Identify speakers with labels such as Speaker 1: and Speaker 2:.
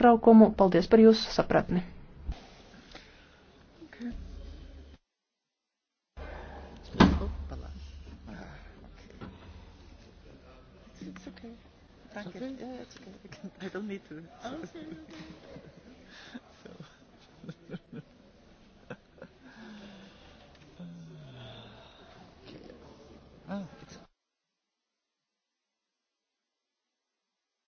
Speaker 1: pārtraukumu. Paldies par jūsu sapratni!
Speaker 2: Thank you. Yeah, it's okay. I, can, I don't need to. Okay.
Speaker 3: so. Ah, it's